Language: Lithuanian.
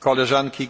koleżanki